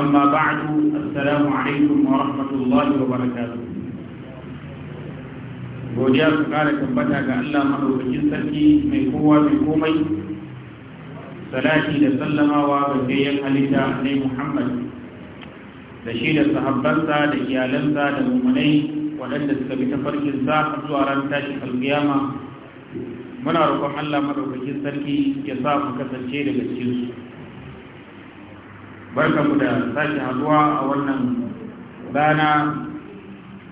أما بعد السلام عليكم ورحمة الله وبركاته godiya su kara tabbata ga Allah madaukakin sarki mai kowa mai komai salati da sallamawa ga gayyan halitta ne Muhammad da shi da sahabbansa da iyalansa da mummunai waɗanda suka bi tafarkin sa zuwa tashin alkiyama muna roƙon Allah madaukakin sarki ya sa mu kasance daga cikin barkamu da sake haduwa a wannan rana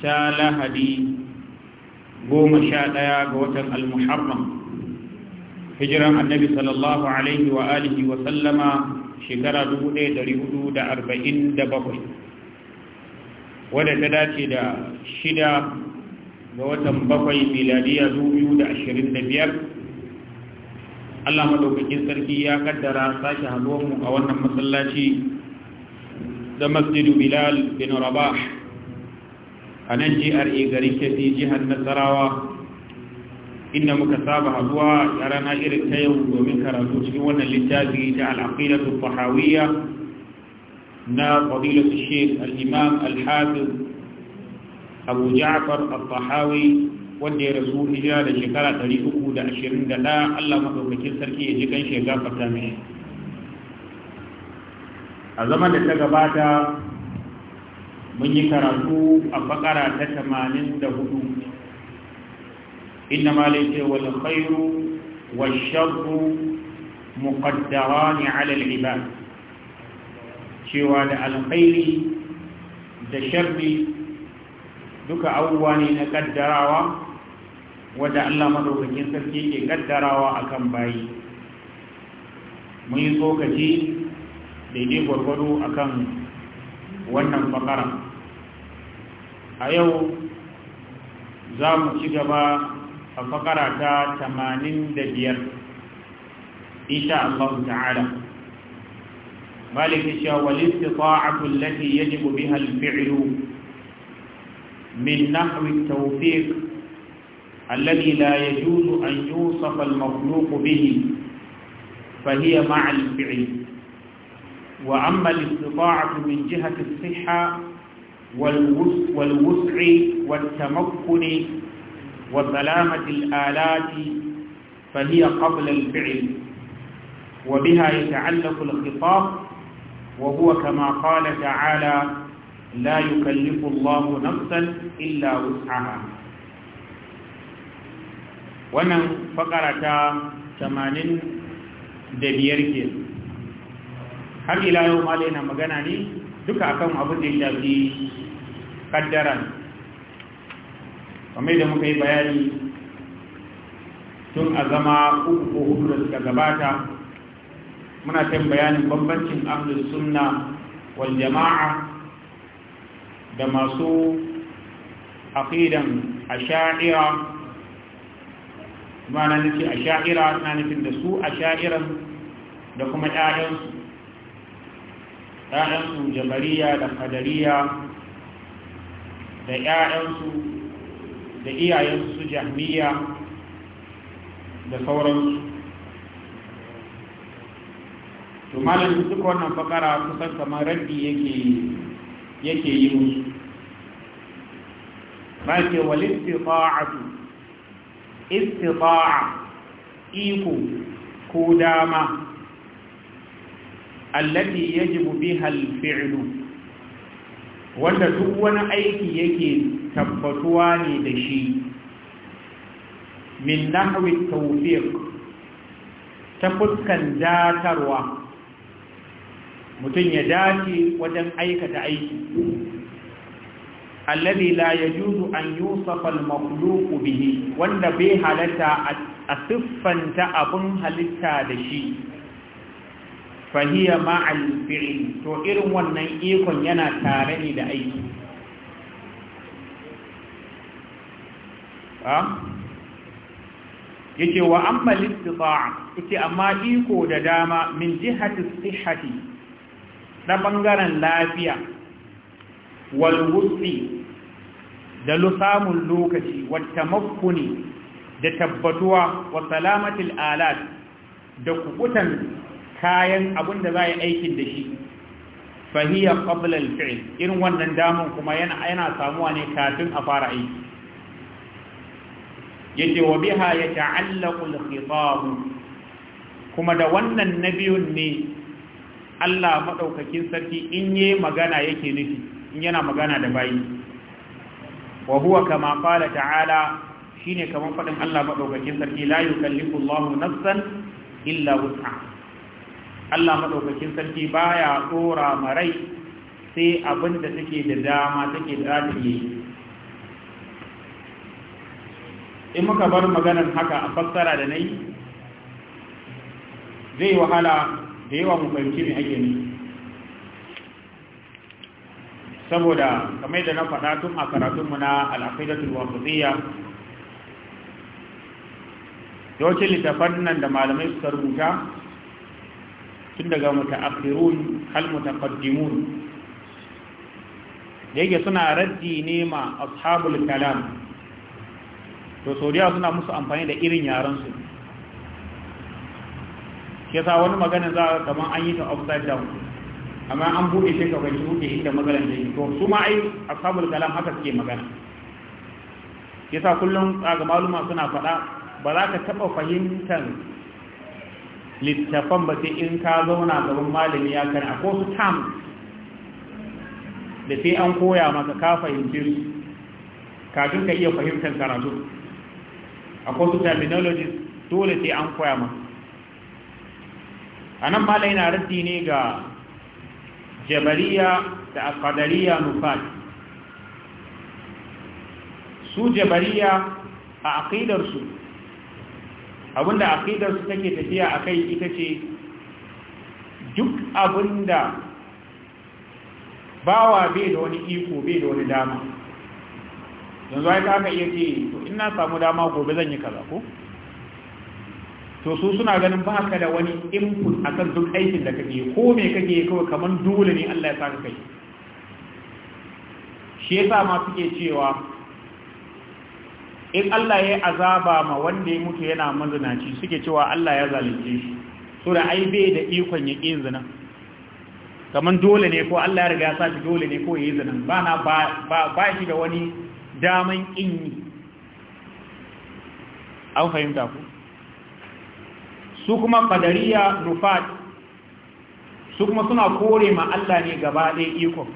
ta lahadi goma sha ɗaya ga watan al-muharram hijiran annabi sallallahu alaihi wa alihi wa sallama shekara 1447 wadda ta dace da shida ga watan bakwai miladiya biyar. Allah madaukakin sarki ya kaddara sake mu a wannan masallaci da masjidu bilal bin rabah a nan garin kefi jihar nasarawa inda muka saba haduwa a rana irin ta yau domin karatu cikin wannan littafi ta al'aqidatu fahawiyya na fadilatu sheikh al-imam al-hafiz abu ja'far al fahawi wanda ya rasu hijira da shekara 321 Allah madaukakin sarki ya ji kan shekara ta mai a zaman da ta gabata mun yi karatu a bakara ta tamanin da hudu inna ma ce wal khairu wal sharru muqaddarani ala al ibad cewa da alkhairi da sharri duka abubuwa ne na kaddarawa wadda Allah madaukakin sarki ke kaddarawa akan bayi mun yi tsokaci daidai gwargwado akan wannan fakara a yau za mu ci gaba a fakara ta tamanin da biyar insha Allah ta'ala maliki cewa walistiqa'atu allati yajibu biha al-fi'lu min nahwi at-tawfiq alladhi la yajuzu an yusafa al-makhluq bihi fa hiya ma'a وأما الاستطاعة من جهة الصحة والوسع والتمكن وسلامة الآلات فهي قبل الفعل وبها يتعلق الخطاب وهو كما قال تعالى لا يكلف الله نفسا إلا وسعها wannan fakara ta 85 ke har ila yau mala yana magana ne duka akan abin da ya shafi kaddara kamar da muka yi bayani tun azama zama uku ko hudu da suka gabata muna kan bayanin bambancin ahlus sunna wal jama'a da masu aqidan asha'ira ma'ana nufi asha'ira na nufin da su asha'iran da kuma 'ya'yansu ‘ya'yansu jabariya da kadariya da ‘ya'yansu da iyayensu jahmiya da sauransu to malamin duk wannan fakara kusan kamar rabbi yake yi musu ba ke walittifa'atu istifa'a iko ko dama allati yajibu biha al-fi'lu wanda duk wani aiki yake tabbatuwa ne da shi min nahwi tawfiq ta fuskan datarwa mutum ya dace wajen aikata aiki alladhi la yajuzu an yusafa al-makhluq bihi wanda bai halatta a siffanta abun halitta da shi fahiya ma'al to irin wannan ikon yana tare ne da aiki yake wa amma listifa'a yake amma iko da dama min jihati sihhati na bangaren lafiya walwutsi da lusamun lokaci wata mafkuni da tabbatuwa wa salamatul alat da kubutan kayan abin da za a yi aikin da shi fahiyya qabla al irin wannan damun kuma yana yana samuwa ne kafin a fara aiki yace wa biha yata'allaqu al-khitab kuma da wannan na biyun ne Allah maɗaukakin sarki in yi magana yake nufi in yana magana da bayi wa huwa kama qala ta'ala shine kamar faɗin Allah maɗaukakin sarki la yukallifu Allahu Nassan illa wus'aha Allah maɗaukakin sarki baya tsora marai sai abinda da take da dama take da zata in muka bar maganar haka a fassara da na yi? zai wahala da yawa mu fahimci me ake saboda kamar da na faɗa tun a karatunmu na al'afidatul wasatiyya yawancin littafan nan da malamai suka rubuta tun daga mutaakhirun hal mutaqaddimun da yake suna raddi ne ma ashabul kalam to saudiya suna musu amfani da irin yaran su sa wani magana za ka kaman an yi ta upside down amma an buɗe shi ka bai buɗe inda maganar da to su ma ai ashabul kalam haka suke magana sa kullum ga maluma suna faɗa ba za ka taɓa fahimtar littafan ba sai in ka zauna gaban malami ya kan a kosu tam da sai an koya maka ka fahimci su kafin ka iya fahimtar karatu a kosu terminologies dole sai an koya maka a nan malai na raddi ne ga jabariya da akadariya nufat su jabariya a aƙidarsu abinda aqidar su take tafiya akai ita ce duk abinda bawa bai da wani iko bai da wani dama yanzu ai ka iya ce to in na samu dama gobe zan yi kaza ko to su suna ganin ba ka da wani input akan duk aikin da kake ko me kake kawai kamar dole ne Allah ya saka kai shi yasa ma suke cewa in Allah ya azaba ma wanda ya mutu yana mazinaci suke cewa Allah ya zalunce shi so da ai bai da ikon ya ƙin zina kaman dole ne ko Allah ya riga ya sashi dole ne ko ya yi zina ba na ba shi da wani daman ƙin yi an fahimta ku su kuma Fadariya rufat su kuma suna kore ma Allah ne gaba ɗaya ikon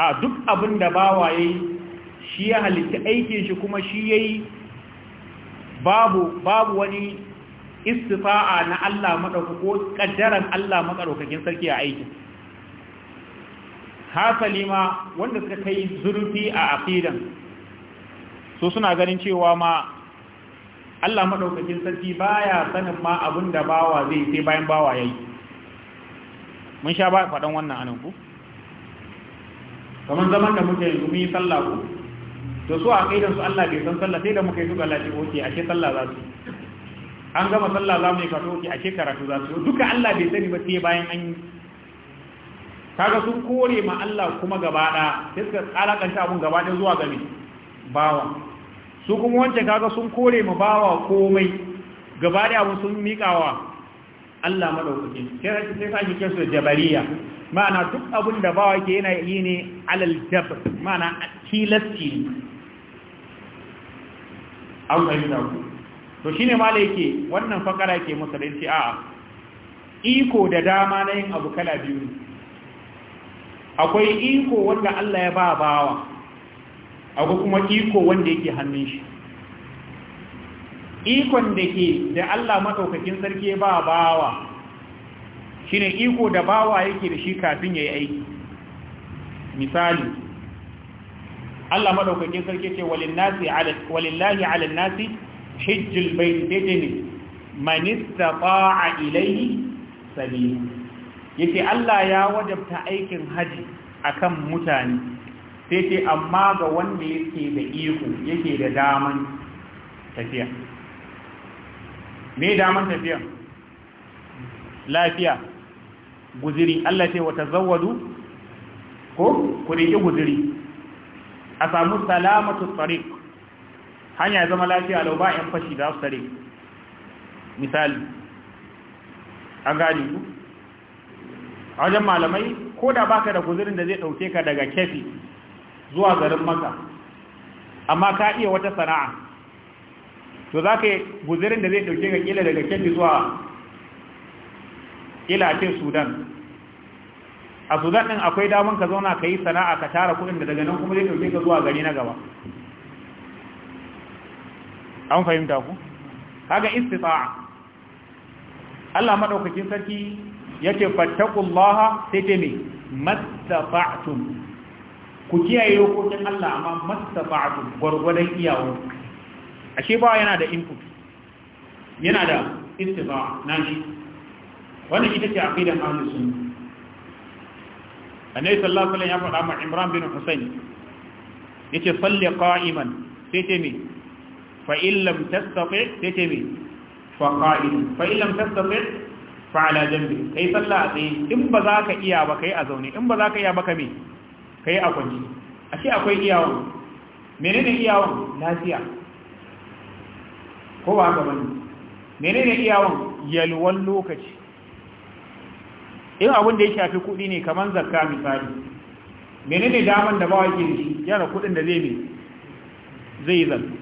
a duk abin da bawa ya yi shi ya halitta aikin shi kuma shi ya yi babu wani istifa'a na Allah maɗauka ko ƙaddaran Allah maɗaukakin sarki a aikin hasali ma wanda suka kai zurfi a afidan, so suna ganin cewa ma Allah maɗaukakin sarki ba ya sanin ma abinda bawa zai sai bayan bawa ya yi. mun sha ba faɗan wannan anan ku kamar zaman da muke yanzu mun yi sallah ku to su a kaidan su Allah bai san sallah sai da muka yi duka Allah ce oke ashe sallah za su an gama sallah za mu yi kato oke ashe karatu za su duka Allah bai sani ba sai bayan an yi kaga sun kore ma Allah kuma gaba da sai suka alakanta abun gaba da zuwa game bawa su kuma wancan kaga sun kore ma bawa komai gaba da abun sun miƙawa Allah madaukakin sai sa kike su jabariya ma'ana duk abin da bawa ke yana yi ne alal jabr ma'ana tilasti an fahimta ku to shine mala yake wannan fakara yake masa da yace a'a iko da dama na yin abu kala biyu akwai iko wanda Allah ya ba bawa akwai kuma iko wanda yake hannun shi ikon da ke da Allah madaukakin sarki ya ba bawa shine iko da bawa yake da shi kafin yayi aiki misali Allah madaukakin sarki ce walillahi ala nasi hijjul bayt dajni man istata'a ilayhi sabila yace Allah ya wajabta aikin haji akan mutane sai ce amma ga wanda yake da iko yake da daman tafiya me daman tafiya lafiya guziri Allah ce wa tazawwadu ko ku rike guziri a samu salamatu tariq hanya zama lafiya lau ba fashi da su tare misali an gani ku a wajen malamai ko da baka da guzurin da zai dauke ka daga kefi zuwa garin maka amma ka iya wata sana'a to za ka yi guzurin da zai dauke ka kila daga kefi zuwa kila ce sudan a sudan ɗin akwai daman ka zauna ka yi sana'a ka tara kuɗin da daga nan kuma zai ɗauke ka zuwa gari na gaba an fahimta ku kaga istita'a Allah maɗaukakin sarki yake laha sai ta me mastata'tum ku kiyaye hukuncin Allah amma mastata'tum Gwargwadon iyawo ashe ba yana da input yana da na shi wannan ita ce a fidan ahlus sunna annabi sallallahu alaihi wasallam ya faɗa ma Imran bin Husayn yace salli qa'iman sai ce me fa in lam tastati sai ce me fa qa'im fa in lam tastati fa ala janbi kai sallah sai in ba za ka iya ba kai a zaune in ba za ka iya ba ka me kai a kwanci a ce akwai iyawa menene iyawan lafiya ko ba ga bane menene iyawan yalwan lokaci in abin da ya shafi kuɗi ne kamar zakka misali menene daman da bawa yake shi yana kuɗin da zai zai zan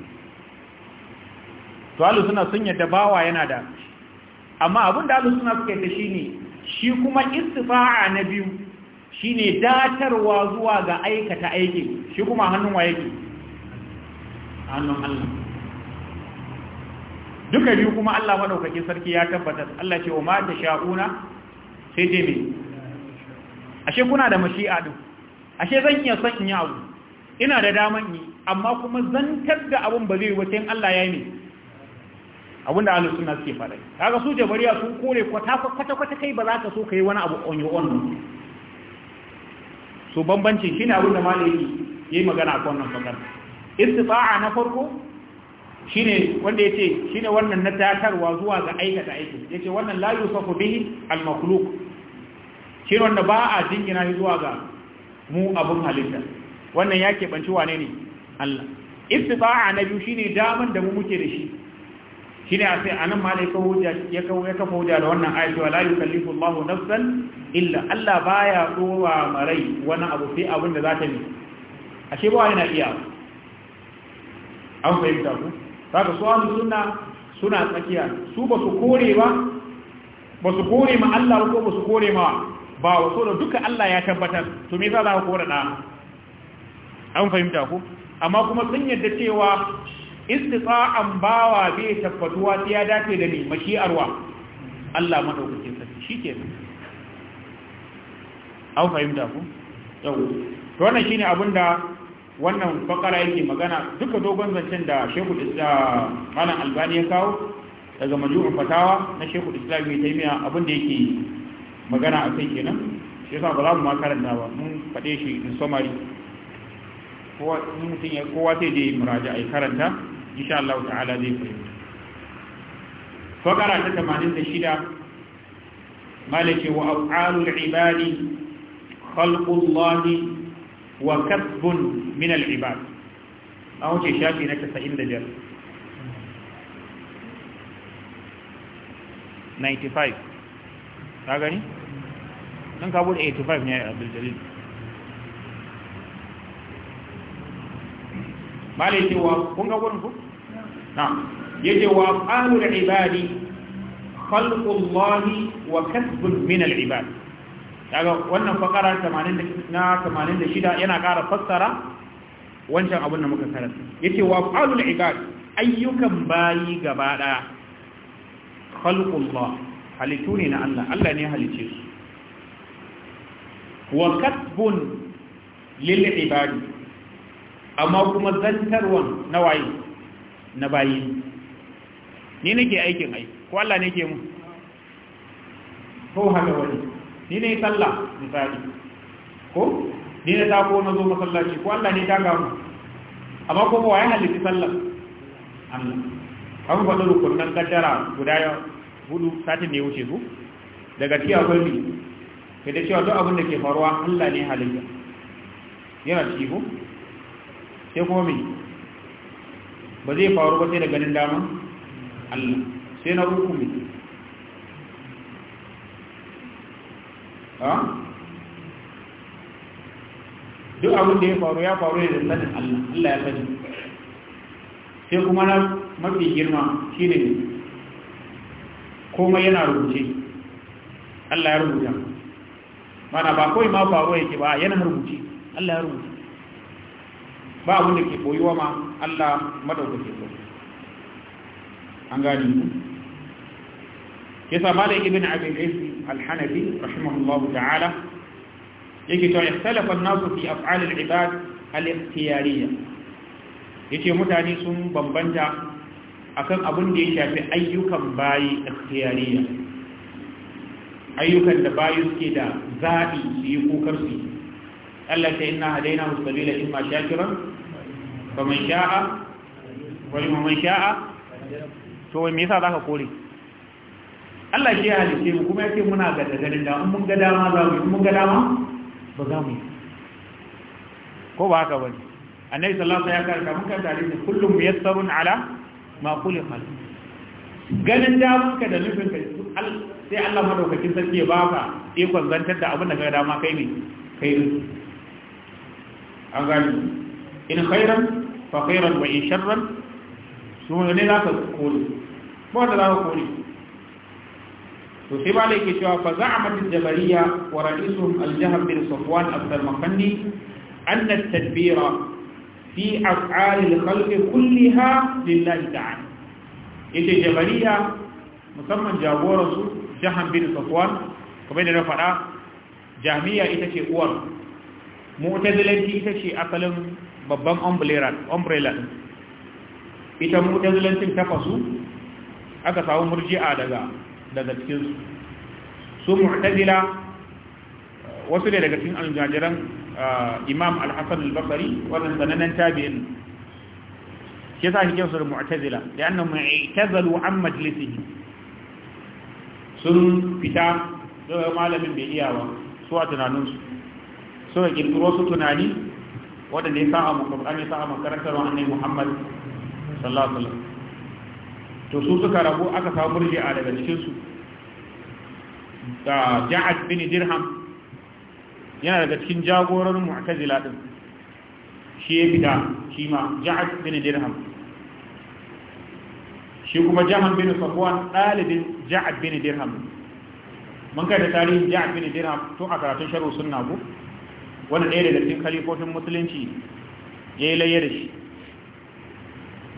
to alu suna sun yadda bawa yana da amma abin da alu suna suka yadda ne shi kuma istifa'a na biyu shi ne datarwa zuwa ga aikata aiki shi kuma hannun wa yake hannun Allah duka biyu kuma Allah madaukakin sarki ya tabbatar Allah ce wa ma ta sha'una sai dai mai ashe kuna da mashi'a ɗin? ashe zan iya son in yi abu ina da daman yi amma kuma zantar da abin ba zai wata Allah ya yi ne da alisun na suke faɗa kaga su jabariya sun kore kwata kwata kwata kai ba za ka so ka yi wani abu on your own so bambancin ne abin da ya yi magana a kwanan magana istifa'a na farko ne wanda shi ne wannan na tatarwa zuwa ga aikata aikin ce wannan la yusafu bihi al makhluq shi wanda ba a jingina zuwa ga mu abun halitta wannan ya keɓanci wane ne Allah istifa'a na biyu shine daman da mu muke da shi shine a sai anan nan lai ya kawo ya kafa hujja da wannan ayatu la yukallifu Allahu nafsan illa Allah baya tsowa marai wani abu sai abin da za ta yi ashe ba yana iya an fahimta ku saka su an sunna suna tsakiya su ba su kore ba ba su kore ma Allah ko ba su kore ma ba wa so da duka Allah ya tabbatar to me za za ku an fahimta ku amma kuma sun yadda cewa istita'an bawa bai tabbatuwa sai ya dace da ni mashi'arwa Allah madaukakin sarki shikenan an fahimta ku yau to wannan shine abinda wannan fakara yake magana duka dogon zancen da Sheikh Isa Malam Albani ya kawo daga majmu'ul fatawa na Sheikh Islam Ibn Taymiyyah abinda yake magana a kai kenan shi yasa ba za mu ma karanta ba mun faɗe shi in summary kowa mutum ya kowa sai dai muraja ai karanta insha Allah ta'ala zai fahimta fakara ta 86 malaki wa af'alul ibadi khalqullahi wa kasbun min al ibad an wuce shafi na 95 95 ka gani nan ka bude 85 ne a abdul jalil malai wa kun ga wurin ku na yake wa da ibadi khalqullahi wa kasbun min al ibad daga wannan fakara 80 na 86 yana ƙara fassara wancan abin da muka karanta yake wa qalul ibad ayyukan bayi gaba daya khalqullah halittu ne na Allah Allah ne halice su wa katbun lil ibadi amma kuma zantarwa na waye na bayi ni nake aikin ai ko Allah ne ke mu ko haka wani ni ne sallah misali ko ni ne ta ko na zo masallaci ko Allah ne ta ga mu amma kuma waye halitta sallah Allah an faɗi rukunan kaddara guda hudu satin da ya wuce su daga cikin akwai ne sai da cewa duk abin da ke faruwa Allah ne halitta. yana ciki ku sai kuma mai ba zai faru ba sai da ganin dama Allah sai na uku mai ah? duk abin da ya faru ya faru ne da sanin Allah Allah ya sani sai kuma na mafi girma shi ne komai yana rubuce Allah ya rubuta mana ba kawai ma faruwa yake ba yana rubuce Allah ya rubuta ba abin da ke koyuwa ma Allah madaukake ko an gani ku yasa malik ibn abi al-aisi al-hanafi rahimahullah ta'ala yake to ikhtalafa an-nasu fi af'al al-ibad al-ikhtiyariyya yace mutane sun bambanta akan abin da ya shafi ayyukan bayi ikhtiyariya ayyukan da bayi suke da zaɓi su yi kokar su Allah ta inna hadaina musabila in ma shakiran fa man sha'a wa liman man sha'a to me yasa zaka kore Allah shi ya halice mu kuma yake muna ga dagarin da mun ga dama za mu mun ga dama ba za mu ko ba haka bane annabi sallallahu alaihi wasallam ya karanta mun kan tare kullum muyassarun ala ma kulli hal ganin damunka da nufin ka sai Allah madaukakin sarki ya baka ikon zantar da abin da ga dama kai ne kai ne an gani in khairan fa khairan wa in sharran su ne za ka koli ba da za ka koli to sai malai ke cewa fa za'amat al-jabariya wa ra'isuhum al-jahm bin safwan al-samarqandi anna at-tadbira fi af'alil khalqi kulliha lillahi ta'ala yace jabariya musamman jagoran su jahan bin safwan kuma ne na faɗa jami'a ita ce uwar mu'tazilanci ita ce asalin babban umbrella umbrella ita mu'tazilancin ta fasu aka samu murji'a daga daga cikin su su mu'tazila wasu ne daga cikin aljajiran imam al-hasan al-basri wannan sananan tabi'in shi yasa shi kinsu da mu'tazila da annahum i'tazalu an majlisihi sun fita da malamin bai iya ba su a tunaninsu suka kirkiro su tunani waɗanda ya sa'a makarƙar ya sa'a makarantar annai muhammad sallallahu alaihi wasallam to su suka rabu aka samu murji'a daga cikinsu da ja'ad bin dirham yana daga cikin jagororin mu'tazila din shi ya fita shi ma ja'ad bin dirham shi kuma jahan bin safwan dalibin ja'ad bin dirham mun kai da tarihin ja'ad bin dirham to a karatun sharu sunna go wani ɗaya daga cikin kalifofin musulunci ya yi layya da shi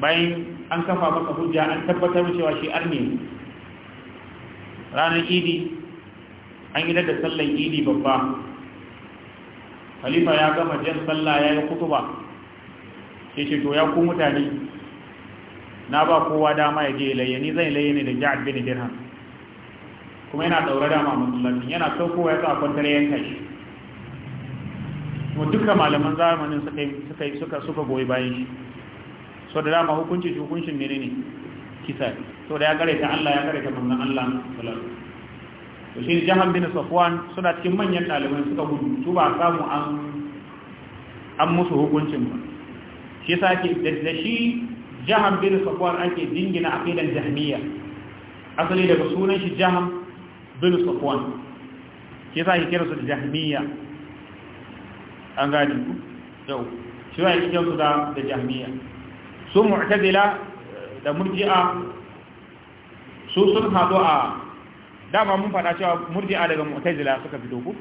bayan an kafa masa hujja an tabbatar cewa shi arne ranar idi an yi da sallan idi babba khalifa ya gama jan sallah ya yi kutuba sai ce to ya ku mutane na ba kowa dama ya je layyani zai layyani da ja'ad bin dirham kuma yana daura dama musulmi yana saukowa ya sa kwantar yanka shi kuma duka malaman zamanin suka suka suka goyi bayan shi so da dama hukunci hukuncin ne ne kisa so da ya kare ta Allah ya kare ta manzon Allah sallallahu alaihi wasallam to shi jahan bin safwan suna cikin manyan ɗaliban suka gudu su ba samu an an musu hukuncin ba shi yasa da shi jahan bin safwan ake dingina aqidan jahmiya asali daga sunan shi jahan bin safwan shi yasa ake kira su da jahmiya an gani ku yau shi ya ake kira su da jahmiya su mu'tazila da murji'a su sun hadu a dama mun faɗa cewa murji'a daga mu'tazila suka fito ku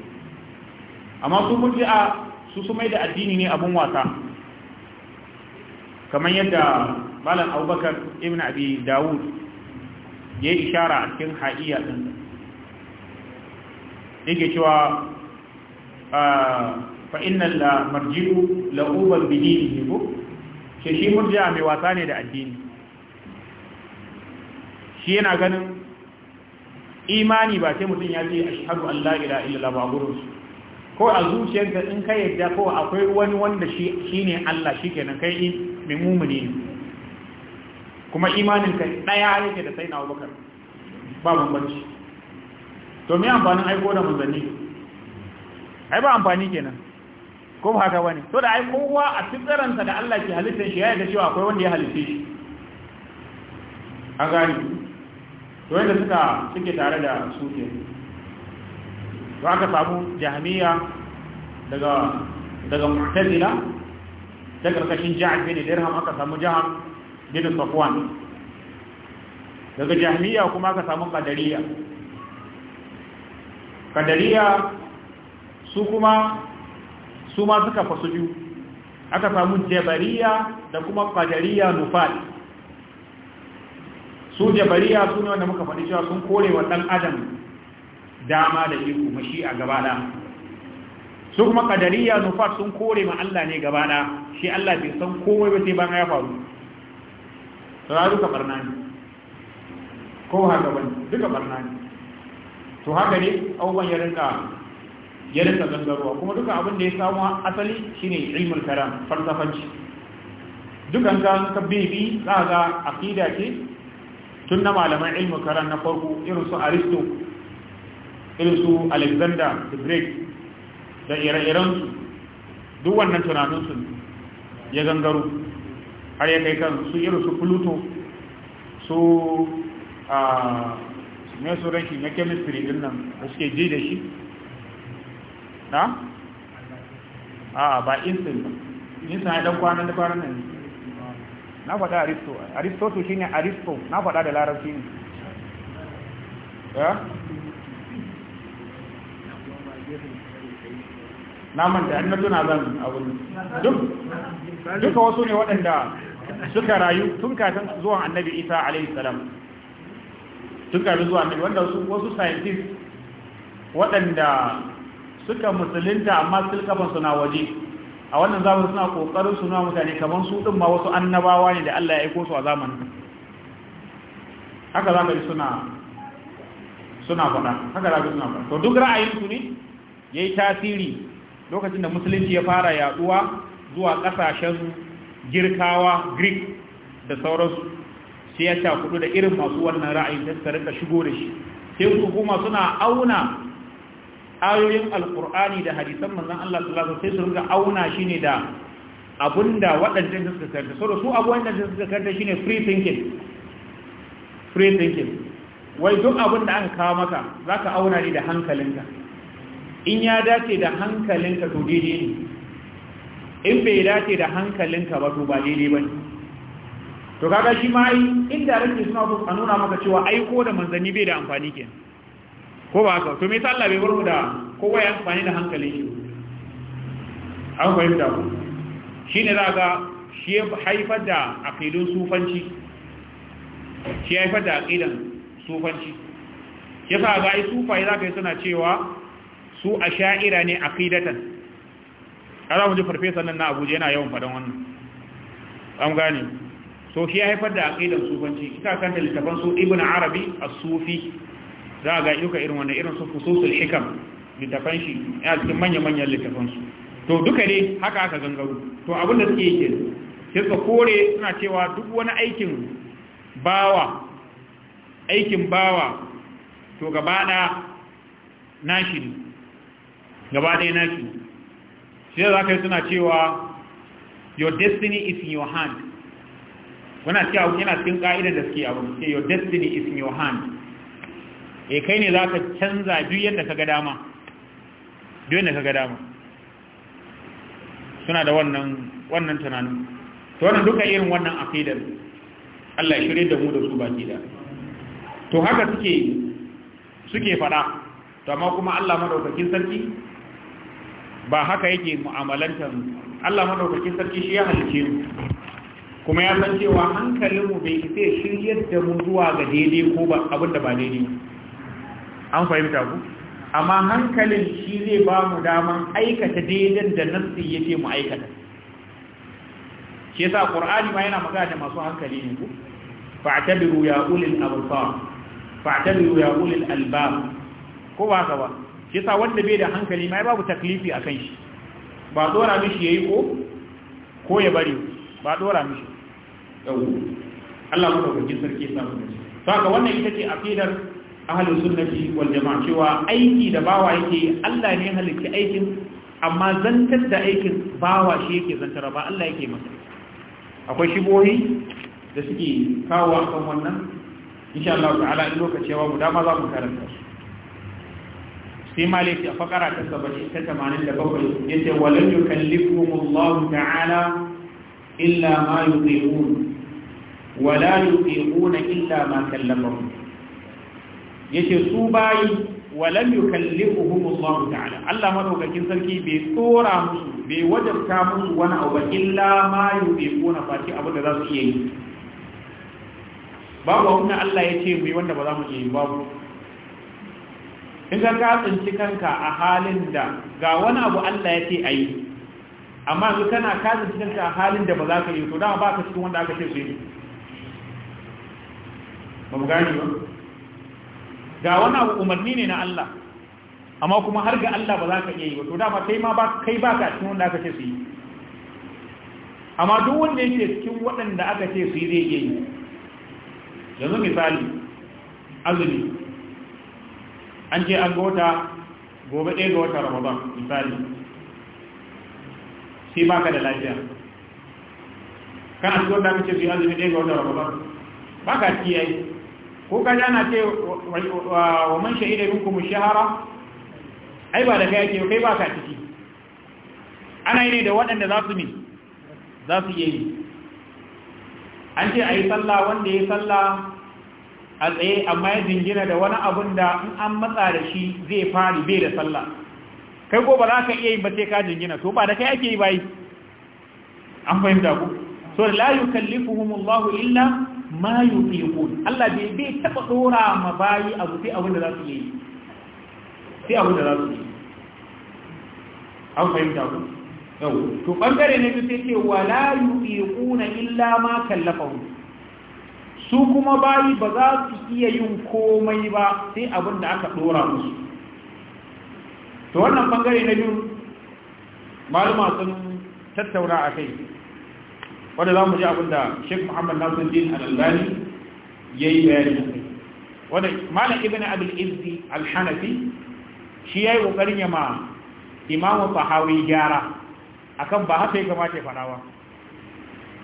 amma su murji'a su su mai da addini ne abun wasa kamar yadda malam abubakar ibn abi dawud ya ishara a cikin ha'iya din yake cewa ah, fa innal marji'u la'uban bidinihi ko shi shi murji'a mai wasa ne da addini shi yana ganin imani ba sai mutum ya ce a an la ila ila ba gurin shi ko a zuciyarsa in ka yadda ko akwai wani wanda shi ne Allah shi kenan kai mai mumuni ne kuma imanin ka daya yake da sai na abubakar ba bambanci to mai amfanin aiko da manzanni ai ba amfani kenan ko ba haka wani to da ai kowa a fitsaransa da Allah ke halittar shi ya yadda cewa akwai wanda ya halitta shi an gani to wanda suka suke tare da suke ke ka samu jahmiya daga daga mu'tazila da karkashin ja'ad bin dirham aka samu jihar bin safwan daga jahmiya kuma aka samu qadariya qadariya su kuma su ma suka fasu biyu aka samu jabariya da kuma qadariya nufal su jabariya su ne wanda muka faɗi cewa sun kore wa ɗan adam dama da iko mashi a gabaɗa su kuma ƙadariya nufar sun kore ma Allah ne gabaɗa shi Allah bai san komai ba sai ban ya faru Ra duka barna ne ko haka bane duka barna ne to haka ne abubuwan ya rinka ya rinka gangarwa kuma duka abin da ya samu asali shine ilmul karam falsafanci dukan ka ka bibi za ga akida ce tun na malaman ilmin karan na farko irin su aristo irin su alexander the great da ire-irensu duk wannan tunaninsu ya gangaro har ya kai kan su irin su pluto su a ne su ranki na chemistry din nan da suke ji da shi na? a ba instant instant ya dan kwanan da kwanan ne. na faɗa aristo shi shine aristo na faɗa da larabci ne ya na manta yadda tuna zan abu duk duka wasu ne waɗanda suka rayu tun kafin zuwan annabi isa alaihi salam tun kafin zuwa annabi wanda wasu scientists waɗanda suka musulunta amma silkafansu na waje a wannan zamanin suna kokarin su nuna mutane kamar su din ma wasu annabawa ne da Allah ya aiko su a zamanin haka za ka suna suna faɗa haka za ka suna faɗa to duk ra'ayin su ne yayi tasiri lokacin da musulunci ya fara yaduwa zuwa ƙasashen girkawa greek da sauransu sai ya ta kudu da irin masu wannan ra'ayin da suka rinka shigo da shi sai hukuma suna auna ayoyin alkur'ani da hadisan manzon Allah sallallahu alaihi wasallam sai su ringa auna shi ne da abinda waɗancan suka karanta so su abuwan da suka karanta shine free thinking free thinking wai duk abin da aka kawo maka zaka auna ne da hankalinka in ya dace da hankalinka to daidai ne in bai dace da hankalinka ba to ba daidai ba ne to kaga shi ma yi inda rake suna so a nuna maka cewa aiko da manzanni bai da amfani kenan ko ba ka to me yasa Allah bai bar mu da kowa ya amfani da hankalin shi an fahimta ku shi za ga shi ya haifar da aqidun sufanci shi ya haifar da aqidan sufanci yasa ga ai sufai za yi suna cewa su asha'ira ne aqidatan ara mu ji farfesa nan na Abuja yana yawan fadan wannan an gane so shi ya haifar da aqidan sufanci ita kanta da littafan su ibnu Arabi as-Sufi za a ga duka irin wannan irin su fususul hikam littafan shi ya cikin manya-manyan littafan su to duka ne haka aka gangaro to abin da suke yake sai su kore suna cewa duk wani aikin bawa aikin bawa to gaba ɗaya nashi ne gaba ɗaya nashi ne shi za ka yi suna cewa your destiny is in your hand wana cewa yana cikin ka'idar da suke abu your destiny is in your hand E kai ne za ka canza duk ka ga dama duk ka ga dama suna da wannan wannan tunanin to wannan duka irin wannan aqidar Allah ya shirye da mu da su baki da to haka suke suke fada to amma kuma Allah madaukakin sarki ba haka yake mu'amalantan? Allah madaukakin sarki shi ya halice mu kuma ya san cewa hankalinmu bai isa shiryar da mu zuwa ga daidai ko ba abin da ba daidai an fahimta ku amma hankalin shi zai ba mu daman aikata daidan da nassi yake mu aikata shi yasa qur'ani ma yana magana da masu hankali ne ku fa'tabiru ya ulil absar fa'tabiru ya ulil albab ko ba ka ba shi yasa wanda bai da hankali ma babu taklifi akan shi ba dora mishi yayi ko ko ya bari ba dora mishi yau Allah mu dauki sarki samu Sa saka wannan ita ce aqidar Ahalin sunnati wal jama'a cewa aiki da bawa yake Allah ne halitta aikin amma zantar da aikin bawa shi yake zantar ba Allah yake masa akwai shibohi da suke kawo akan wannan insha Allah ta'ala in lokaci yawa guda ma za mu karanta su sai maliki a fakara ta 70 ta 87 yace walan yukallifuhumullahu ta'ala illa ma yutiqun wala yutiqun illa ma kallafahum yace su bayi walam yukallifuhum Allah ta'ala Allah madaukakin sarki bai tsora musu bai wajabta musu wani abu illa ma yubiquna fati abu da za su iya yi babu wannan Allah ya ce wanda ba za mu iya yi babu in ka tsinci kanka a halin da ga wani abu Allah ya ce ayi amma su kana ka tsinci kanka a halin da ba za ka yi to dama ba ka cikin wanda aka ce su yi ba mu gani ba ga wani abu umarni ne na Allah amma kuma har ga Allah ba za ka iya yi ba to dama kai ma ba kai ba ka cikin wanda aka ce su yi amma duk wanda yake cikin waɗanda aka ce su yi zai iya yi yanzu misali azumi an ce an ga wata gobe ɗaya ga wata ramadan misali sai ba ka da lafiya kana cikin wanda aka ce su yi azumi ɗaya ga wata ramadan ba ka ciyayi ko kaji ana ce wa man shahida minkum shahara ai ba da kai ake kai ba ka ciki ana yi ne da waɗanda za su ne za su yi an ce a yi sallah wanda ya sallah a tsaye amma ya jingina da wani abun da in an matsa da shi zai fari bai da sallah kai ko ba za ka iya yi ba sai ka jingina to ba da kai ake yi bai an fahimta ku so la yukallifuhum Allah illa ma yutiqun Allah bai bai taba dora ma bayi abu sai abin da za su yi sai abin da za su yi an fahimta ku yau to bangare ne duk sai ce wala yutiquna illa ma kallafahu su kuma bayi ba za su iya yin komai ba sai abin da aka dora musu to wannan bangare na biyu malama sun tattauna a kai wanda za mu ji abin da Sheikh Muhammad Nasiruddin Al-Albani ya yi bayani wanda Malik ibn Abdul Izzi Al-Hanafi shi yayi kokarin ya ma Imam Tahawi gyara akan ba haka ya kamata ya fada ba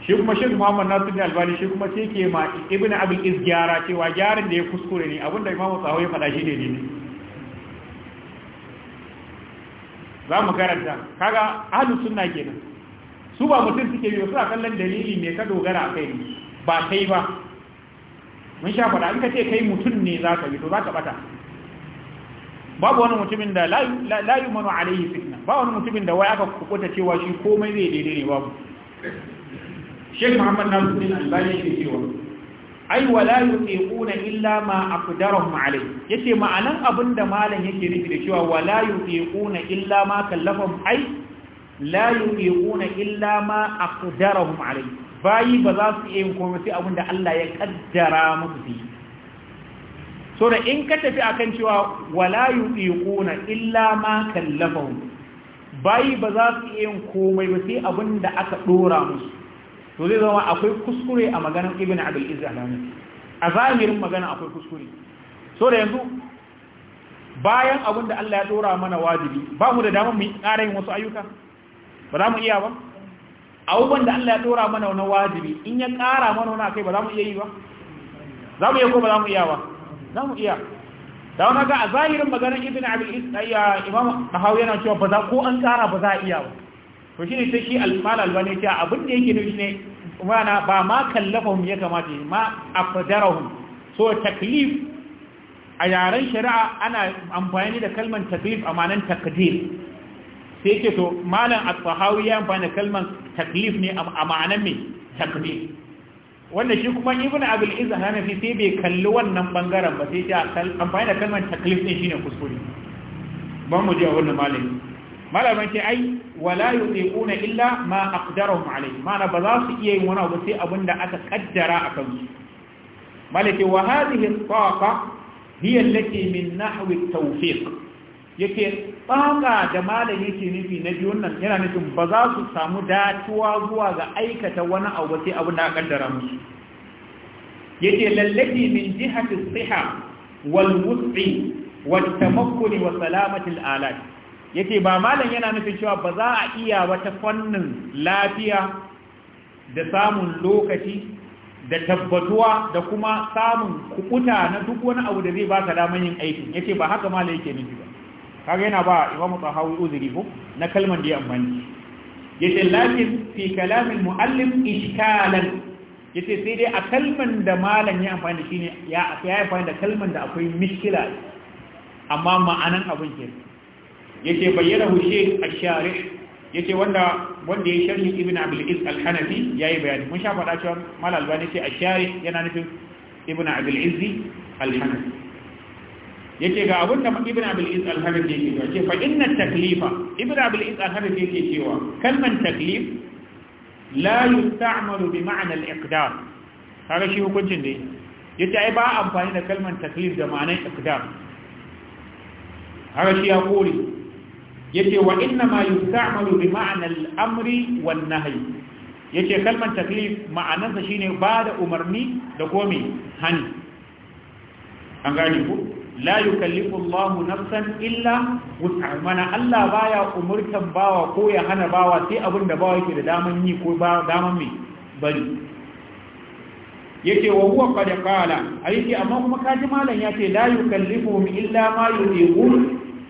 shi kuma Sheikh Muhammad Nasiruddin Al-Albani shi kuma sai ke ma Ibn Abdul Izz gyara cewa gyaran da ya kuskure ne abinda Imam Tahawi ya faɗa shi ne ne za mu karanta kaga ahlus sunna kenan su ba mutum suke biyo suna kallon dalili mai ka dogara a kai ba kai ba mun sha faɗa in ka ce kai mutum ne za ka bi to za ka bata babu wani mutumin da la yumanu alaihi fitna ba wani mutumin da wai aka kukuta cewa shi komai zai daidai ne babu Sheikh Muhammad Nasiruddin Albani yake cewa ai wa wala yutiquna illa ma aqdarahum alayhi yace ma'anan abinda malam yake nufi da cewa wa wala yutiquna illa ma kallafahum ai la yuqiquna illa ma aqdarahum alayhi bayi ba za su yin komai sai abinda Allah ya kaddara musu yi so da in ka tafi akan cewa wala yuqiquna illa ma kallafahum bayi ba za su yin komai ba sai abinda aka dora musu to zai zama akwai kuskure a maganar ibn abul izalani a zamirin magana akwai kuskure so da yanzu bayan abinda Allah ya dora mana wajibi ba mu da damar mu ƙara yin wasu ayyuka ba za mu iya ba abubuwan da Allah ya dora mana wani wajibi in ya ƙara mana wani akai ba za mu iya yi ba za mu iya ko ba za mu iya ba za mu iya da wani ga a zahirin maganar ibn abin isaiya imam dahawu yana cewa ba za ko an ƙara ba za a iya ba to shi ne sai shi almal albani ta abin da yake nufi ne mana ba ma kallafahum ya kamata ma afdarahum so taklif a yaren shari'a ana amfani da kalmar taklif a manan takdir sai ce to malam at-tahawi ya amfana kalman taklif ne a ma'anar me taklif wanda shi kuma ibn abul na hanafi sai bai kalli wannan bangaren ba sai ce amfani da kalmar taklif din shine kuskure Ba mu je wannan malami malaman ce ai wala yutiquna illa ma aqdarahum alayhi mana ba za su iya yin wani abu sai abin da aka kaddara akan su malaki wa hadhihi at-taqa hiya allati min nahwi at-tawfiq yake tsaka da malam yake nufi na biyun nan yana nufin ba za su samu datuwa zuwa ga aikata wani abu sai abu da aka kaddara musu yake lallaki min jihati siha wal wus'i wat tamakkuni wa salamati al alat yake ba malam yana nufin cewa ba za a iya wata fannin lafiya da samun lokaci da tabbatuwa da kuma samun kukuta na duk wani abu da zai baka daman yin aikin yake ba haka malam yake nufi ba kaga yana ba imamu tahawi uzuri ko na kalman da ya amfani yace lakin fi kalamin muallim ishkalan yace sai dai a kalman da malam ya amfani shine ya ya amfani da kalman da akwai mishkila amma ma'anan abin ke yace bayyana hu shaykh ash yace wanda wanda ya sharhi ibn abul iz al-hanafi yayi bayani mun sha faɗa cewa mal albani ce ash-sharih yana nufin ibn abul iz al-hanafi yake ga abin da ibn abul is al-harith yake cewa ce fa inna taklifa ibn abul is al-harith yake cewa kalman taklif la yusta'malu bi ma'na al-iqdar kaga shi hukuncin ne yace ai ba amfani da kalman taklif da ma'anar iqdar kaga shi ya kore yace wa inna ma yusta'malu bi ma'na al-amri wan nahyi yace kalman taklif ma'anarsa shine ba da umarni da komai hani an gane ku la yukallifu Allahu nafsan illa wus'aha mana Allah baya umurtan bawa ko ya hana bawa sai abin da bawa yake da daman yi ko ba daman mai bari yake wa huwa qad qala ayyuki amma kuma kaji malam yace la yukallifuhum illa ma yutiqun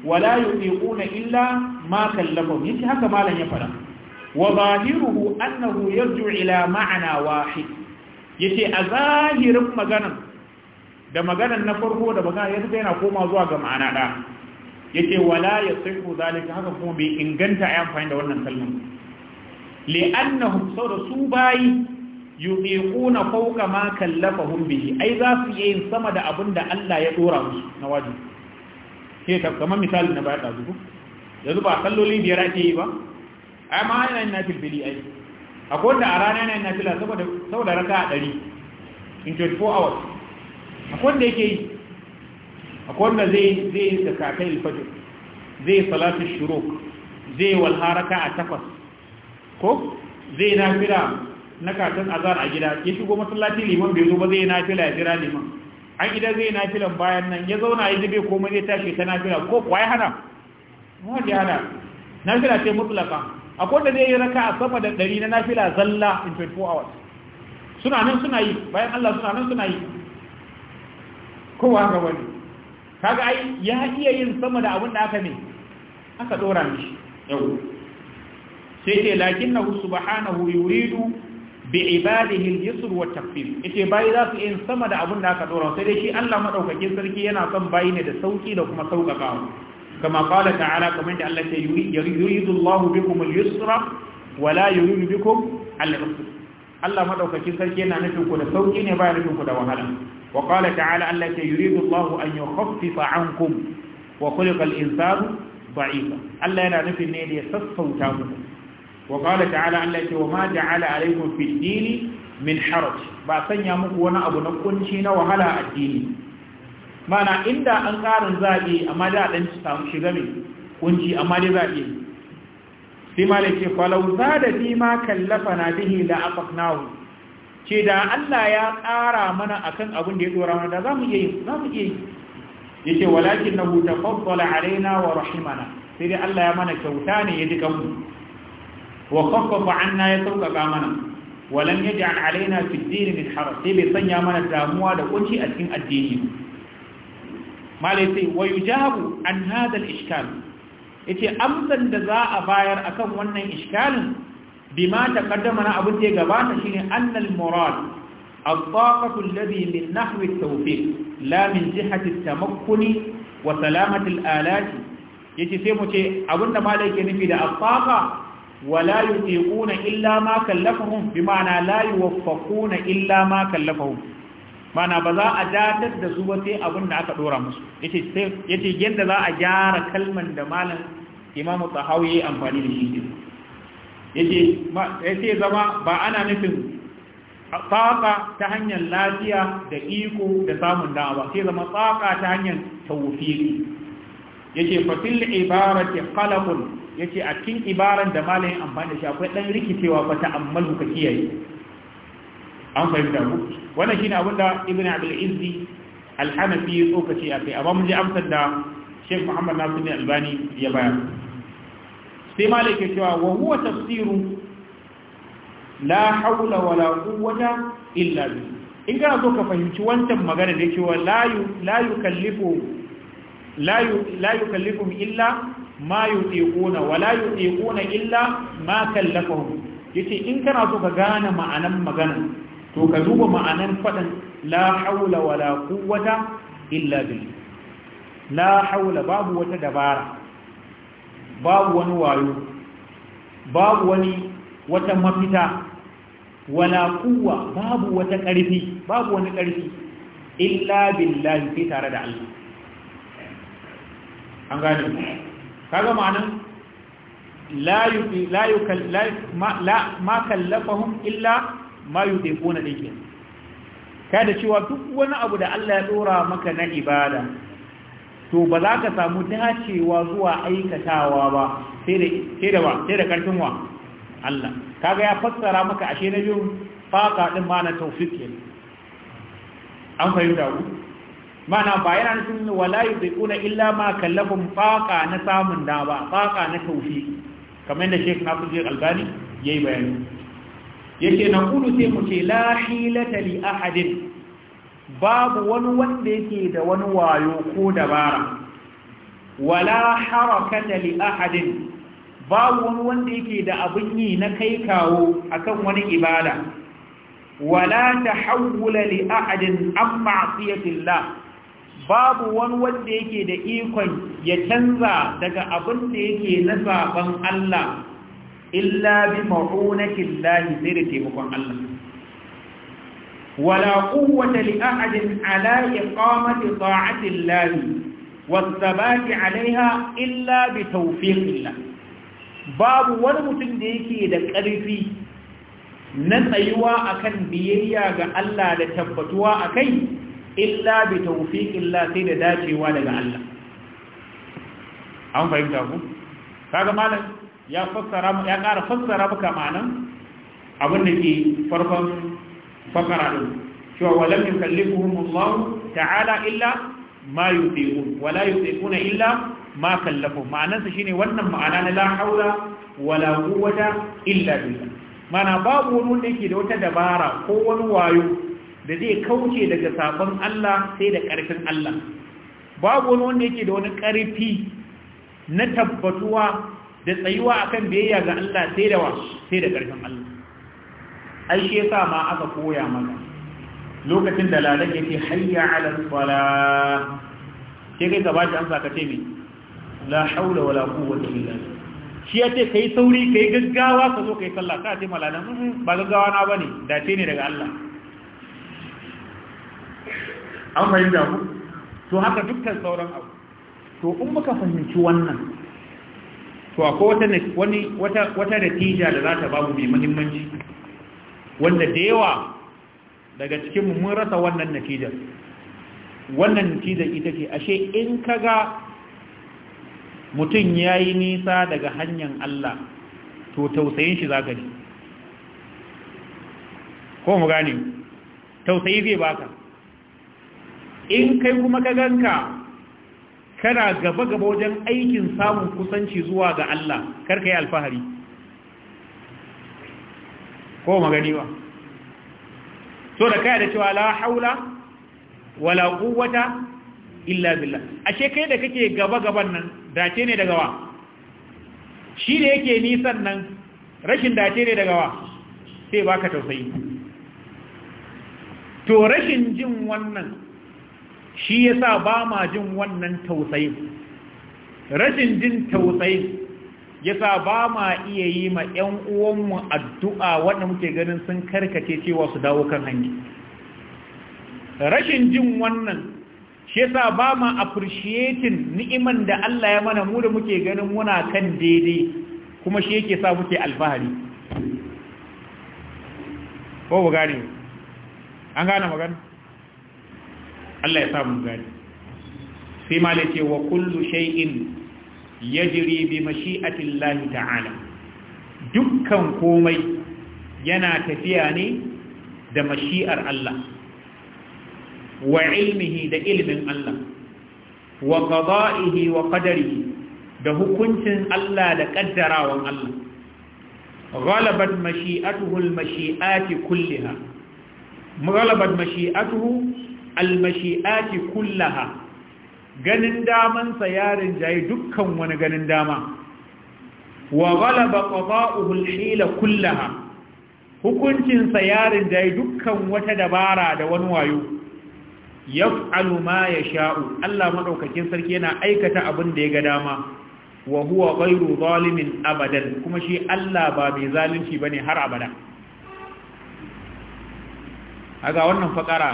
wa la yutiquna illa ma kallafahum yace haka malam ya fara wa zahiruhu annahu yarju ila ma'na wahid yace a zahirin maganar. da maganar na farko da magana ya duka yana koma zuwa ga ma'ana da yake wala ya sahihu zalika haka kuma bai inganta ayi amfani da wannan kalmar li'annahum da su bayi yuqiquna fawqa ma kallafahum bihi ai za su yi sama da abinda Allah ya dora musu na waje. Ke ta kamar misali na baya dazu yanzu ba kalloli biyar ake yi ba ai ma yana yin nafil bili ai akwai wanda a rana yana yin nafila saboda saboda a 100 in 24 hours akwai wanda yake yi akwai wanda zai zai da kakai alfajir zai salatu shuruk zai walharaka a takwas ko zai nafila na katon azar a gida ya shigo masallaci liman bai zo ba zai nafila ya jira liman an gida zai nafila bayan nan ya zauna ya jibe komai zai tashi ta nafila ko kuwa ya hana wanda ya hana nafila ce mutlaka akwai wanda zai yi raka a sama da ɗari na nafila zalla in 24 hours suna nan suna yi bayan Allah suna nan suna yi kowa ga wani kaga ai ya iya yin sama da abin da aka ne aka dora mishi yau sai ce lakinnahu subhanahu yuridu bi ibadihi al-yusr wa at-tafwid yace bai za su yin sama da abin da aka dora sai dai shi Allah madaukakin sarki yana son bai ne da sauki da kuma saukakawa kama qala ta'ala kamar da Allah ya yuridu Allah bikum al-yusra wa la yuridu bikum al-usra Allah madaukakin sarki yana nufin ku da sauki ne ba nufin ku da wahala وقال تعالى التي يريد الله أن يخفف عنكم وخلق الإنسان ضعيفا ألا نعرفي أن يسسوا تامكم وقال تعالى التي وما جعل عليكم في الدين من حرج بأسن يامك وانا أبو نقون شين وهلا الدين معنى إن دا أنقار زادي أما دا لنشتام شغمي ونشي أما دا زادي سيما لكي فلو زاد فيما كلفنا به لأطقناه ce da Allah ya ƙara mana akan abin da ya dora mana da za mu iya yi za mu iya yi yace walakin nahu tafaddala alaina wa rahimana sai dai Allah ya mana kyauta ne ya duka mu wa khaffafa na ya sauƙaƙa mana Walan lam yaj'al alaina fi ad-din min haraj sai bai sanya mana damuwa da kunci a cikin addini malai sai wa yujabu an hadha al Ya yace amsan da za a bayar akan wannan ishkalin bima taqaddama na abin da ya gabata shine annal murad الطاقة الذي من نحو التوفيق لا من جهة التمكن وسلامة الآلات يتسيمو شيء أبونا ما ليك نفيد الطاقة ولا يطيقون إلا ما كلفهم بمعنى لا يوفقون إلا ما كلفهم معنى بذا أجادت دسوبتي أبونا أكدورا مسلم يتسيمو يتسيمو يتسيمو يتسيمو يتسيمو يتسيمو يتسيمو يتسيمو yake yake zama ba ana nufin tsaka ta hanyar lafiya da iko da samun dama sai zama tsaka ta hanyar tawfiri yake fatil ibarati qalqun yace a cikin ibaran da malamin amfani da shi akwai dan rikicewa ba fa ta'ammalu ka kiyaye an fahimta ku wannan shine abin da ibnu abdul izzi al-hanafi tsokaci a kai amma mun ji amsar da Sheikh Muhammad Nasir Albani ya bayar sai malik cewa wa huwa tafsiru la haula wala quwwata illa billah in kana so ka fahimci wancan magana da cewa la la yukallifu la la yukallifu illa ma yutiquna wa la yutiquna illa ma kallafahum yace in kana so ka gane ma'anan magana to ka duba ma'anan fadan la haula wala quwwata illa billah la haula babu wata dabara babu wani wayo babu wani wata mafita wala kuwa babu wata ƙarfi babu wani ƙarfi illa billahi sai tare da Allah an gane kaga ma'anan la yuqi la yukal la ma kallafahum illa ma yudifuna dinkin kada cewa duk wani abu da Allah ya dora maka na ibada to ba za ka samu dacewa zuwa aikatawa ba sai da ba sai da karfin wa Allah kaga ya fassara maka ashe na biyun faka din ma na tawfiq an fahimta ku mana ba yana nufin wala yuziquna illa ma kallafum faka na samun da ba faka na taufi. kamar da Sheikh Nasir Albani yayi bayani yake na kudu sai mu ce la hilata li ahadin babu wani wanda yake da wani wayo ko dabara wala harakata li ahadin babu wani wanda yake da abin yi na kai kawo akan wani ibada wala tahawwula li ahadin an ma'siyatillah babu wani wanda yake da ikon ya canza daga abin da yake na saban Allah illa bi ma'unatin lahi sai da taimakon Allah ولا قوة لأحد على إقامة طاعة الله والثبات عليها إلا بتوفيق الله باب ورمتن ديكي لكرفي نتيوى أكن بيئيا قال لتفتوى أكي إلا بتوفيق الله سيد داشي ولد الله أهم فهمت أبو kaga malam ya fassara ya ƙara fassara maka ma'anan abin da ke farkon fakara cewa kalli kuma yukallifuhum Allah ta'ala illa ma yutiqun wala yutiquna illa ma kallafu ma'anar sa shine wannan ma'ana na la haula wala quwwata illa billah mana babu wani wanda yake da wata dabara ko wani wayo da zai kauce daga sabon Allah sai da ƙarfin Allah babu wani wanda yake da wani karfi na tabbatuwa da tsayuwa akan biyayya ga Allah sai da wa sai da ƙarfin Allah ai shi yasa ma aka koya maka lokacin da ladan yake hayya ala sala sai kai gaba shi an ka ce me la haula wala quwwata illa billah shi yace kai sauri kai gaggawa ka zo kai sallah ka ce malalan ba gaggawa na bane dace ne daga Allah an fahimta ku to haka dukkan sauran abu to in muka fahimci wannan to akwai wata wata wata natija da za ta babu mai muhimmanci wanda da yawa daga cikin mun rasa wannan natijar wannan natijar ita ce ashe in kaga mutum ya yi nisa daga hanyar Allah to tausayin shi zaka ji ko mu gane tausayi zai baka in kai kuma ka ganka kana gaba-gaba wajen aikin samun kusanci zuwa ga Allah karka yi alfahari ko magani ba so da kai da cewa la haula wala quwwata illa billah ashe kai da kake gaba gaban nan dace ne daga wa shi da yake nisan nan rashin dace ne daga wa sai baka tausayi to rashin jin wannan shi yasa ba ma jin wannan tausayin rashin jin tausayin yasa ba ma iya yi ma ƴan uwanmu addu'a wanda muke ganin sun karkace cewa su dawo kan hanya rashin jin wannan shi yasa ba ma appreciating ni'iman da Allah ya mana mu da muke ganin muna kan daidai kuma shi yake sa muke alfahari ko gane an gane magana Allah ya sa mu gane sai ma ce wa kullu shay'in yajri bi mashi'atillahi ta'ala dukkan komai yana tafiya ne da mashi'ar Allah wa ilmihi da ilmin Allah wa qada'ihi wa ƙadari da hukuncin Allah da kaddarawan Allah غلبت mashi'atuhu المشيئات كلها غلبت mashi'atuhu المشيئات كلها ganin damansa yarin jayi dukkan wani ganin dama wa ghalaba qada'uhu al-hila kullaha hukuncin sa yarin jayi dukkan wata dabara da wani wayo yaf'alu ma yasha'u Allah madaukakin sarki yana aikata abin da ya ga dama wa huwa ghayru zalimin abadan kuma shi Allah ba bai zalunci bane har abada haka wannan fakara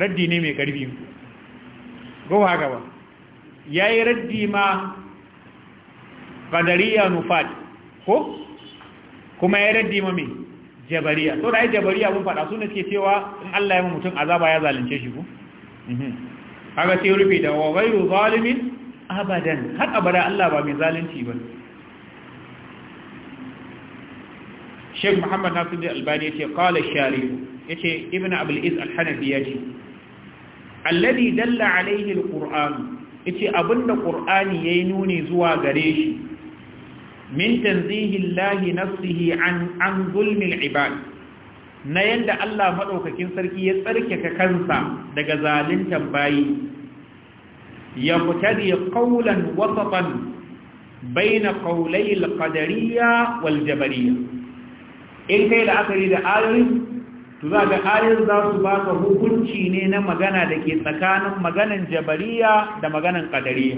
raddi ne mai karfi gowa gaba ya yi raddi ma ƙadariya nufat ko kuma ya raddi ma mai jabariya so da ya jabariya mun faɗa suna suke cewa in Allah ya ma mutum azaba ya zalunce shi ku haka mhm. sai rufe da wa gairu zalimin abadan har abada Allah ba mai zalunci ba Sheikh Muhammad Nasiruddin Albani yace qala Shari yace Ibn Abdul Aziz Al-Hanafi yace alladhi dalla alayhi al-Qur'an yace abinda ya yayi nuni zuwa gare shi min tanzihi llahi nafsihi an an ibad na yadda Allah maɗaukakin sarki ya tsarkake kansa daga zaluntan bayi ya mutadi qawlan wasatan baina qawlai al-qadariyya in kai la'akari da ayoyin to za ga ayoyin za su baka hukunci ne na magana da ke tsakanin maganan jabariya da maganan kadariya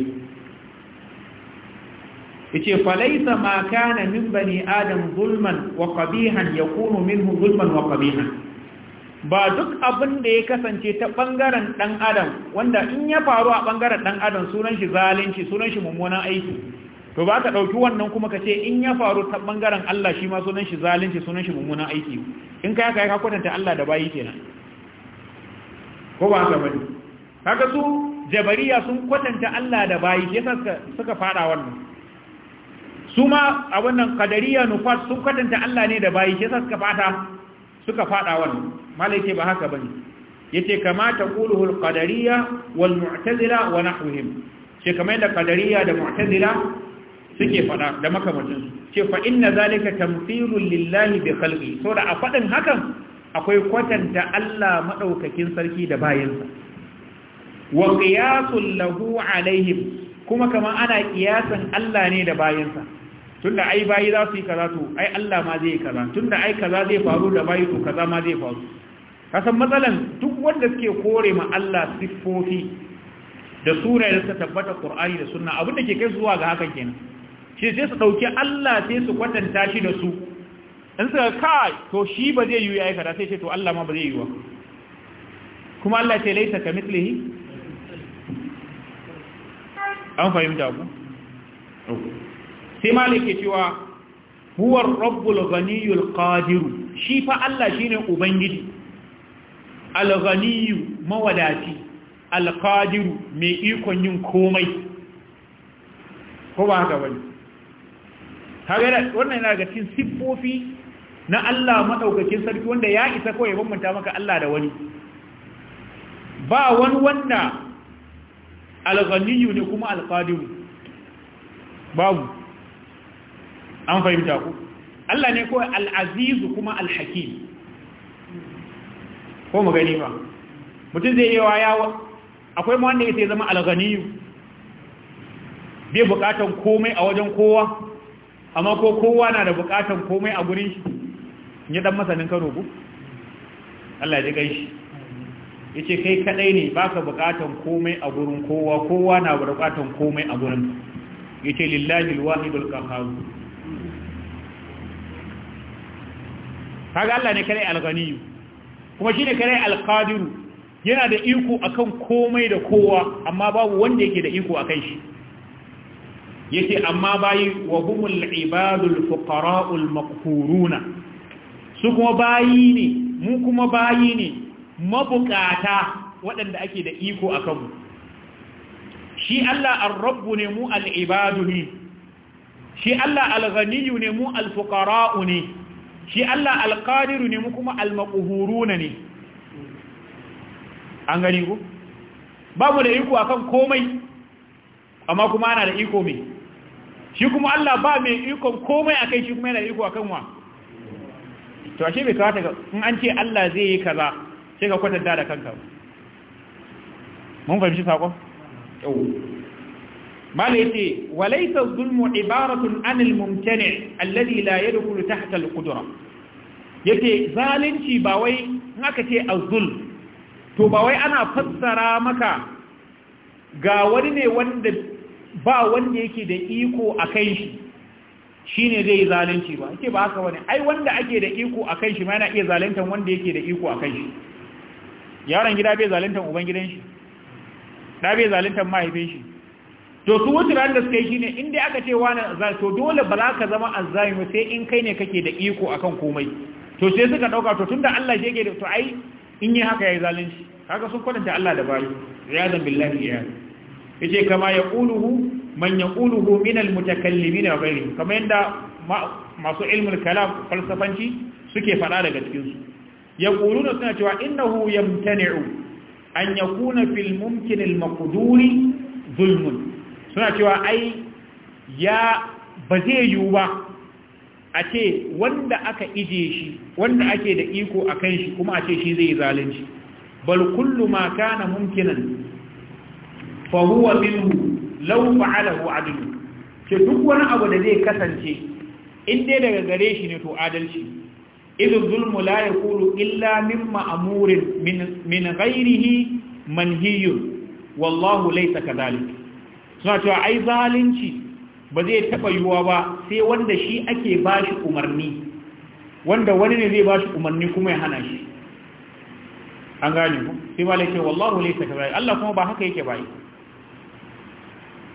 yace falaisa ma kana min bani adam zulman wa qabihan yakunu minhu zulman wa qabihan ba duk abin da ya kasance ta bangaren dan adam wanda in ya faru a bangaren dan adam sunan shi zalunci sunan shi mummunan aiki to ba ka ɗauki wannan kuma ka ce in ya faru ta ɓangaren Allah shi ma sunan shi zalunci sunan shi mummunan aiki in ka yaka ya kwatanta Allah da bayi kenan ko ba haka bane Haka su jabariya sun kwatanta Allah da bayi shi yasa suka fada wannan su ma a wannan qadariya nufat sun kwatanta Allah ne da bayi shi yasa suka fada suka fada wannan malai ce ba haka bane yace kama taquluhu al-qadariyya wal mu'tazila wa nahwihim shi kamar da qadariya da mu'tazila suke faɗa da makamancinsu ce fa inna zalika tamthilun lillahi bi khalqi so da a faɗin hakan akwai kwatanta Allah madaukakin sarki da bayansa wa qiyasul lahu alaihim kuma kaman ana kiyasan Allah ne da bayansa tunda ai bayi za su yi kaza to ai Allah ma zai yi kaza tunda ai kaza zai faru da bayi to kaza ma zai faru kasan matsalan duk wanda suke kore ma Allah siffofi da sura da ta tabbata Qur'ani da Sunna abin da ke kai zuwa ga hakan kenan shi sai su ɗauki Allah sai su kwatanta shi da su in suka kai to shi ba zai yi ya aikata sai ce to Allah ma ba zai yi wa kuma Allah ce laisa ka mislihi an fahimta ku sai malike cewa huwa rabbul ghaniyul qadir shi fa Allah shine ubangiji al ghaniyu mawadati al qadir mai ikon yin komai ko ba haka bane kaga wannan yana daga cikin siffofi na Allah madaukakin sarki wanda ya isa kawai bambanta maka Allah da wani ba wani wanda alghaniyu ne kuma al al-qadir babu an fahimta ku Allah ne kawai al-aziz kuma Al-Hakim, ko mu gani ba mutum zai yi wa yawa akwai ma wanda ya zama alghaniyu bai bukatan komai a wajen kowa amma ko kowa na da bukatan komai a gurin shi ya dan masanin karo ku Allah ya kai shi yace kai kadai ne baka bukatan komai a gurin kowa kowa na bukatan komai a gurin yace lillahi alwahidul qahhar kaga Allah ne kare alghani kuma shi ne kare alqadiru yana da iko akan komai da kowa amma babu wanda yake da iko akan shi yake amma bayi wa humul ibadul fuqara'ul maqhuruna su kuma bayi ne mu kuma bayi ne mabukata waɗanda ake da iko akan. shi Allah ar-rabbu ne mu al-ibadu ne shi Allah al-ghaniyyu ne mu al-fuqara'u ne shi Allah al-qadiru ne mu kuma al-maqhuruna ne an gani ku ba mu da iko akan komai amma kuma ana da iko mai shi kuma Allah ba mai ikon komai a kai shi kuma yana iko kan wa to shi bai kawata in an ce Allah zai yi kaza sai ka kwatanta da kanka mun fahimci sako yau mala yace walaysa zulmu ibaratun anil mumtani alladhi la yadkhulu tahta alqudra yace zalunci ba wai in aka ce azul to ba wai ana fassara maka ga wani ne wanda ba wanda yake da iko a kan shi shi ne zai yi zalunci ba Ake ba haka wani ai wanda ake da iko a kan shi ma yana iya zalunta wanda yake da iko a kan shi yaron gida bai zalunta uban gidan shi da bai zalunta mahaifin shi to su wuce ran da suka yi shine in dai aka ce wani to dole ba za ka zama azzalimi sai in kai ne kake da iko akan komai to sai suka dauka to tunda Allah shi yake da to ai in yi haka yayi zalunci kaga sun kwatanta Allah da bayi riyadan billahi iyad yace kama yaquluhu man yaquluhu min almutakallimin wa ghayrihim kama yanda masu ilmul kalam falsafanci suke fada daga cikin su yaquluna suna cewa innahu yamtani'u an yakuna fil mumkin almaqduri zulmun suna cewa ai ya ba zai yiwu ba a ce wanda aka ije shi wanda ake da iko a kan shi kuma a ce shi zai zalunci bal kullu ma kana mumkinan fa huwa minhu law fa'alahu adlu ce duk wani abu da zai kasance in dai daga gare shi ne to adalci idan zulmu la yaqulu illa mimma amurin min ghairihi manhiyun wallahu laysa kadhalik suna cewa ai zalunci ba zai taba yiwuwa ba sai wanda shi ake bashi umarni wanda wani ne zai bashi umarni kuma ya hana shi an gane ku sai ba laifin wallahu laysa ka Allah kuma ba haka yake bai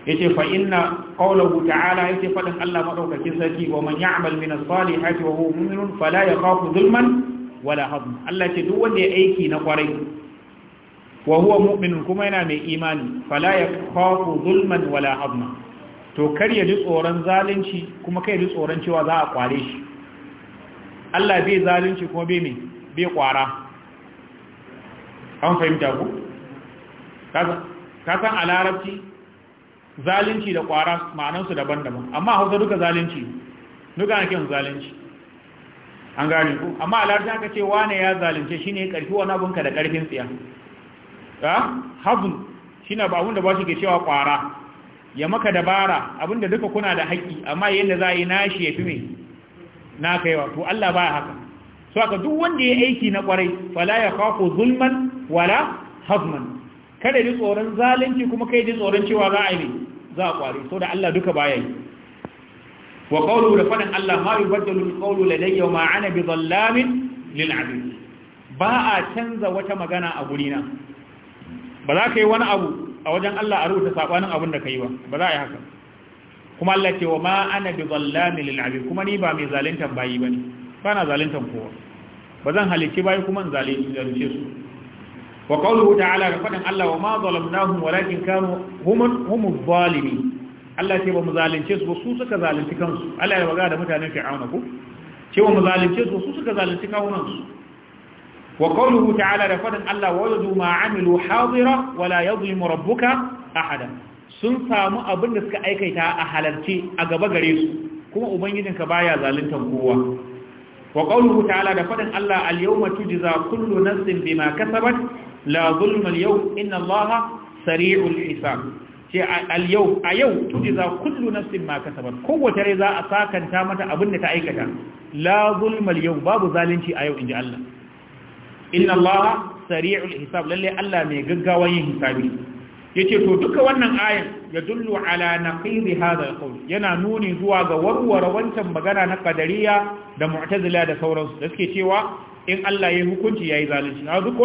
yace fa inna qawluhu ta'ala yace fadin Allah madaukakin sarki wa man ya'mal min as-salihati wa huwa mu'minun fala yakhafu zulman wala hadma Allah ce duk wanda ya aiki na kwarai wa huwa mu'minun kuma yana mai imani fala yakhafu zulman wala hadma to kar ya ji tsoron zalunci kuma kai ji tsoron cewa za a kware shi Allah bai zalunci kuma bai mai bai kwara an fahimta ku ka san a larabci zalunci da ƙwara ma'anansu daban-daban amma hausa duka zalunci duka na kiran zalunci an gani ku amma alarci aka ce wane ya zalunce shine karfi wani abinka da karfin tsiya Ya? hazun shi ne abin da ba shi ke cewa ƙwara ya maka dabara abinda duka kuna da haƙƙi amma yadda za a yi shi ya fi mai na kaiwa to Allah ba haka so aka duk wanda ya aiki na kwarai, fala ya kafu zulman wala hazman kada ji tsoron zalunci kuma kai ji tsoron cewa za a yi za a kware so da Allah duka baya yi wa qawlu da fadan Allah ma yubaddalu al-qawlu ladayya ma ana bi dhallamin lil abid ba a canza wata magana a na ba za ka yi wani abu a wajen Allah a rubuta sabanin abin da ka yi ba ba za a yi haka kuma Allah ce wa ma ana bi dhallamin lil abid kuma ni ba mai zalunta bayi bane ba na zaluntan kowa ba zan halice bayi kuma in zalunce su wa qawluhu ta'ala da fadin Allah wa ma zalamnahum walakin kanu hum hum zalimin Allah ce ba mu zalunce su su suka zalunci kansu Allah ya magana da mutanen Fir'auna ko ce ba mu zalunce su su suka zalunci kawunansu wa qawluhu ta'ala da Allah sun samu abin da suka aikaita a halarci a gaba gare su kuma ubangijinka baya zaluntan kowa wa qawluhu ta'ala da fadin Allah al-yawma tujza kullu nafsin bima kasabat la zulma al-yawm inna sari'ul hisab ce al yau a yau tujiza kullu nafsin ma kasabat kowace rai za a sakanta mata abin da ta aikata la zulma al-yawm babu zalunci a yau inji Allah inna Allaha sari'ul hisab lalle Allah mai gaggawa yin hisabi yace to duka wannan ayan ya dullu ala naqid hadha alqawl yana nuni zuwa ga warware wancan magana na qadariya da mu'tazila da sauransu da suke cewa in Allah ya hukunci yayi zalunci